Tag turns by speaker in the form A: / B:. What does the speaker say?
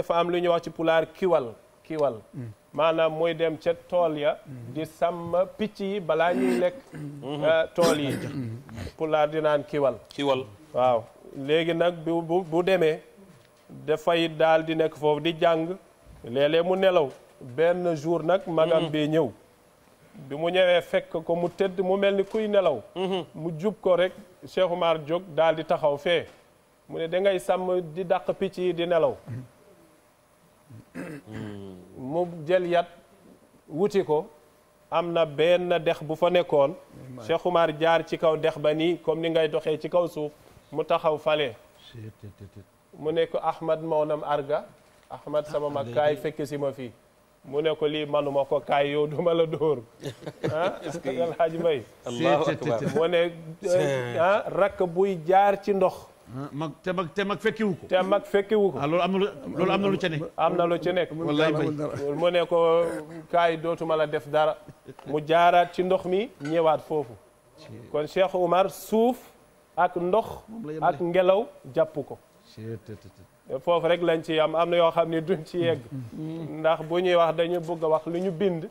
A: dafa am lu ñuy wax ci pulaar kiwal kiwal mm. maanaam muy dem ca tool ya mm. sàmm picc yi balaa ñuy lekk mm-hmm. euh, mm-hmm. di naan kiwal kiwal waaw nag bu bu demee dafay daal di nekk foofu di jàng léeg-léeg mu nelaw benn jour nag magam mm-hmm. bee ñëw bi mu ñëwee fekk ko mu tëdd mu mel ni kuy nelaw mu jub ko rek Cheikh Oumar jóg daal di taxaw fee mu ne da sàmm di dàq picc yi di nelaw mu jël yat wuti ko am na benn dex bu fa nekkoon Cheikh Oumar jaar ci kaw dex ba nii comme ni ngay doxee ci kaw suuf mu taxaw fale mu ne ko Ahmad Mawnam Arga Ahmad sama mag ah, kaay fekk si ma fi mu ne ko lii manuma ko kaay yow duma la dóor ah El Hadj mu ne ah rakk buy jaar ci ndox mag te mag te mag fekkiwu ko. te mag fekkiwu ko. ah loolu am na lu loolu am na lu ca nekk. am na lu ca nekk. mu ne ko kaay dootuma la def dara. mu jaaraat ci ndox mi ñëwaat foofu. kon Cheikh Oumar suuf ak ndox. ak ngelaw jàpp ko. foofu rek lañ ci am am na yoo xam ne duñ ci yegg. Mm-hmm. ndax bu ñuy wax dañu bëgg a wax lu ñu bind.